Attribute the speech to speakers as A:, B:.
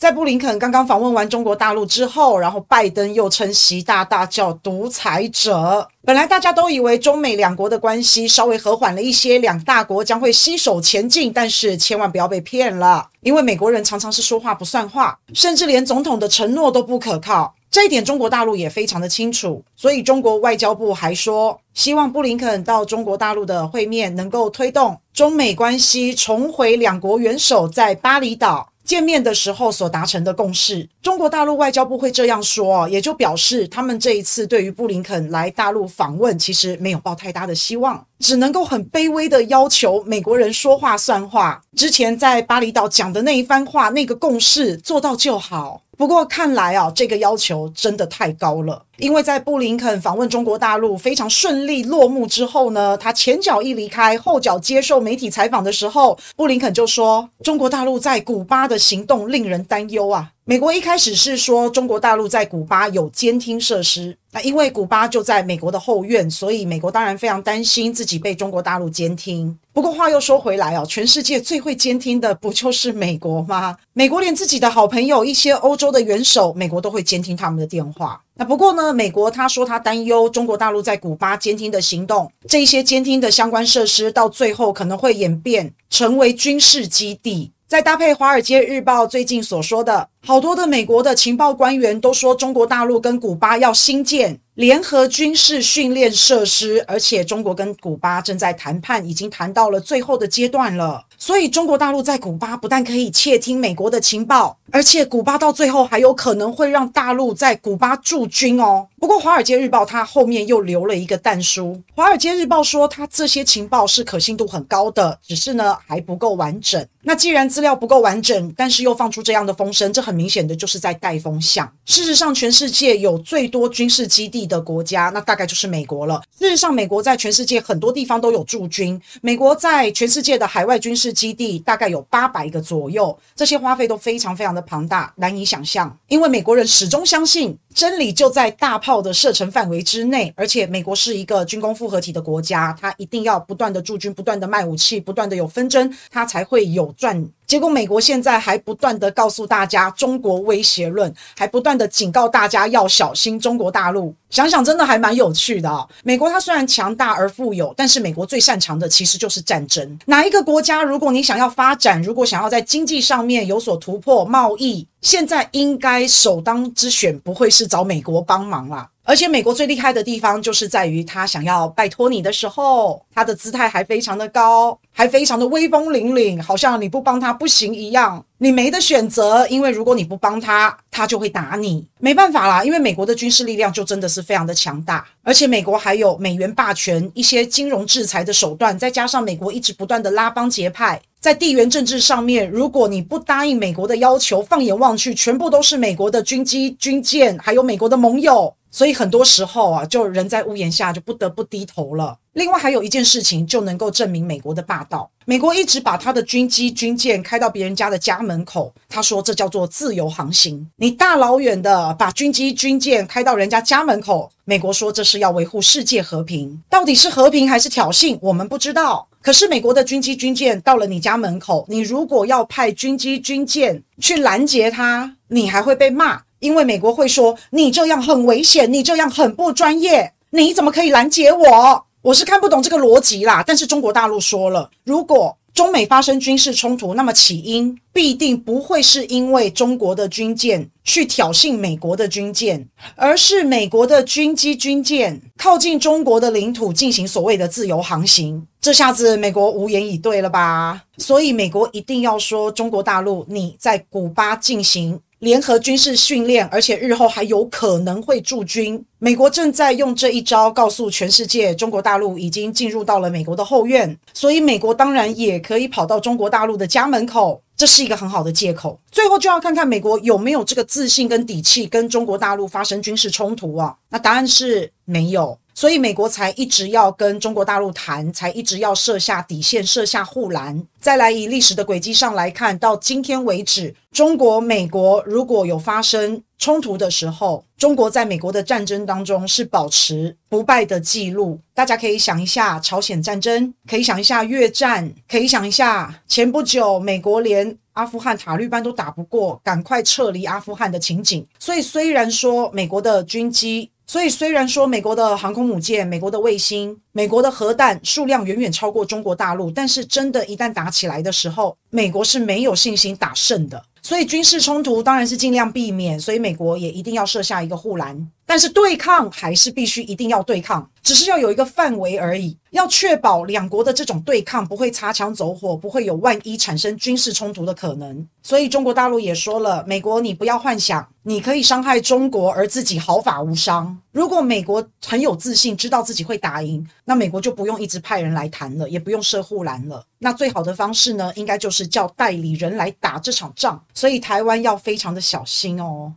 A: 在布林肯剛剛訪問完中國大陸之後，然後拜登又稱習大大叫獨裁者。本來大家都以為中美兩國的關係稍微和緩了一些，兩大國將會攜手前進，但是千萬不要被騙了，因為美國人常常是說話不算話，甚至連總統的承諾都不可靠。這一點中國大陸也非常的清楚，所以中國外交部還說，希望布林肯到中國大陸的會面能夠推動中美關係重回兩國元首在巴厘島見面的時候所達成的共識，中國大陸外交部會這樣說，也就表示他們這一次對於布林肯來大陸訪問，其實沒有抱太大的希望，只能夠很卑微的要求美國人說話算話，之前在巴厘島講的那一番話，那個共識做到就好。不過看來啊，這個要求真的太高了，因為在布林肯訪問中國大陸非常順利落幕之後呢，他前腳一離開，後腳接受媒體採訪的時候，布林肯就說：“中國大陸在古巴的行動令人擔憂啊。”美國一開始是說中國大陸在古巴有監聽設施，那因為古巴就在美國的後院，所以美國當然非常擔心自己被中國大陸監聽。不過話又說回來哦，全世界最會監聽的不就是美國嗎？美國連自己的好朋友一些歐洲的元首，美國都會監聽他們的電話。那不過呢，美國他說他擔憂中國大陸在古巴監聽的行動，這一些監聽的相關設施到最後可能會演變成為軍事基地。再搭配《華爾街日報》最近所說的。好多的美國的情報官員都說，中國大陸跟古巴要新建聯合軍事訓練設施，而且中國跟古巴正在談判，已經談到了最後的階段了。所以中國大陸在古巴不但可以竊聽美國的情報，而且古巴到最後還有可能會讓大陸在古巴駐軍哦。不過《華爾街日報》它後面又留了一個但書，《華爾街日報》說它這些情報是可信度很高的，只是呢還不夠完整。那既然資料不夠完整，但是又放出這樣的風聲，這很。很明顯的就是在帶風向。事實上，全世界有最多軍事基地的國家，那大概就是美國了。事實上，美國在全世界很多地方都有駐軍。美國在全世界的海外軍事基地大概有八百個左右，這些花費都非常非常的龐大，難以想象。因為美國人始終相信真理就在大炮的射程範圍之內，而且美國是一個軍工複合體的國家，它一定要不斷的駐軍，不斷的賣武器，不斷的有紛爭，它才會有賺。結果，美國現在還不斷的告訴大家中國威脅論，還不斷的警告大家要小心中國大陸。想想真的還蠻有趣的啊！美國它雖然強大而富有，但是美國最擅長的其實就是戰爭。哪一個國家，如果你想要發展，如果想要在經濟上面有所突破，貿易，現在應該首當之選，不會是找美國幫忙啦。而且美國最厲害的地方，就是在於他想要拜託你的時候，他的姿態還非常的高，還非常的威風凜凜，好像你不幫他不行一樣，你沒得選擇，因為如果你不幫他，他就會打你，沒辦法啦，因為美國的軍事力量就真的是非常的強大，而且美國還有美元霸權，一些金融制裁的手段，再加上美國一直不斷的拉幫結派，在地緣政治上面，如果你不答應美國的要求，放眼望去，全部都是美國的軍機、軍艦，還有美國的盟友。所以很多時候啊，就人在屋檐下，就不得不低頭了。另外還有一件事情，就能夠證明美國的霸道。美國一直把他的軍機、軍艦開到別人家的家門口，他說這叫做自由航行。你大老遠的把軍機、軍艦開到人家家門口，美國說這是要維護世界和平。到底是和平還是挑釁？我們不知道。可是美國的軍機、軍艦到了你家門口，你如果要派軍機、軍艦去攔截他，你還會被罵。因為美國會說，你這樣很危險，你這樣很不專業，你怎麼可以攔截我？我是看不懂這個邏輯啦。但是中國大陸說了，如果中美發生軍事衝突，那麼起因必定不會是因為中國的軍艦去挑釁美國的軍艦，而是美國的軍機、軍艦靠近中國的領土進行所謂的自由航行。這下子美國無言以對了吧？所以美國一定要說，中國大陸你在古巴進行。聯合軍事訓練，而且日後還有可能會駐軍。美國正在用這一招告訴全世界，中國大陸已經進入到了美國的後院，所以美國當然也可以跑到中國大陸的家門口，這是一個很好的借口。最後就要看看美國有沒有這個自信跟底氣跟中國大陸發生軍事衝突啊？那答案是沒有。所以美國才一直要跟中國大陸談，才一直要設下底線，設下護欄。再來以歷史的軌跡上來看，到今天為止，中國、美國如果有發生衝突的時候，中國在美國的戰爭當中是保持不敗的記錄。大家可以想一下朝鮮戰爭，可以想一下越戰，可以想一下前不久美國連阿富汗塔利班都打不過，趕快撤離阿富汗的情景。所以雖然說美國的軍機，所以，雖然說美國的航空母艦、美國的衛星、美國的核彈數量遠遠超過中國大陸，但是真的，一旦打起來的時候，美國是沒有信心打勝的。所以，軍事衝突當然是盡量避免。所以，美國也一定要設下一個護欄。但是對抗還是必須一定要對抗，只是要有一個範圍而已，要確保兩國的這種對抗不會擦槍走火，不會有萬一產生軍事衝突的可能。所以中國大陸也說了，美國你不要幻想你可以傷害中國而自己毫髮無傷。如果美國很有自信，知道自己會打贏，那美國就不用一直派人來談了，也不用設護欄了。那最好的方式呢，應該就是叫代理人來打這場仗。所以台灣要非常的小心哦。